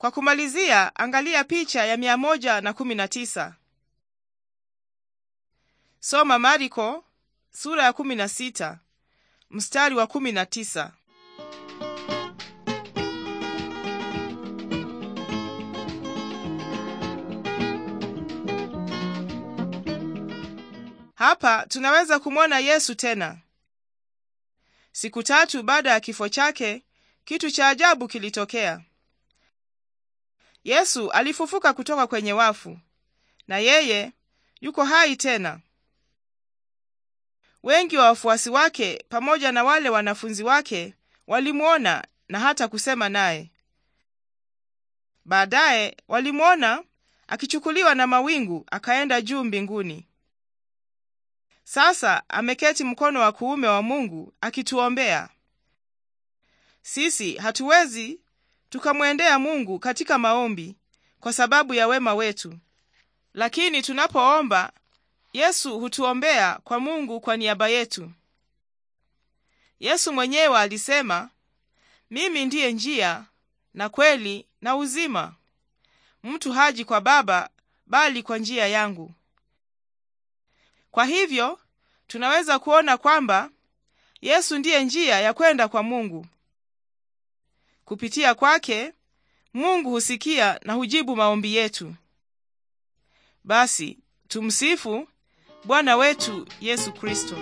Kwa kumalizia, angalia picha ya 119 Soma Mariko sura ya 16 mstari wa 19. Hapa tunaweza kumwona Yesu tena. Siku tatu baada ya kifo chake, kitu cha ajabu kilitokea. Yesu alifufuka kutoka kwenye wafu, na yeye yuko hai tena. Wengi wa wafuasi wake pamoja na wale wanafunzi wake walimwona na hata kusema naye. Baadaye walimwona akichukuliwa na mawingu akaenda juu mbinguni. Sasa ameketi mkono wa kuume wa Mungu akituombea. Sisi hatuwezi tukamwendea Mungu katika maombi kwa sababu ya wema wetu. Lakini tunapoomba, Yesu hutuombea kwa Mungu kwa niaba yetu. Yesu mwenyewe alisema, mimi ndiye njia na kweli na uzima, mtu haji kwa Baba bali kwa njia yangu. Kwa hivyo tunaweza kuona kwamba Yesu ndiye njia ya kwenda kwa Mungu. Kupitia kwake Mungu husikia na hujibu maombi yetu. Basi tumsifu Bwana wetu Yesu Kristo.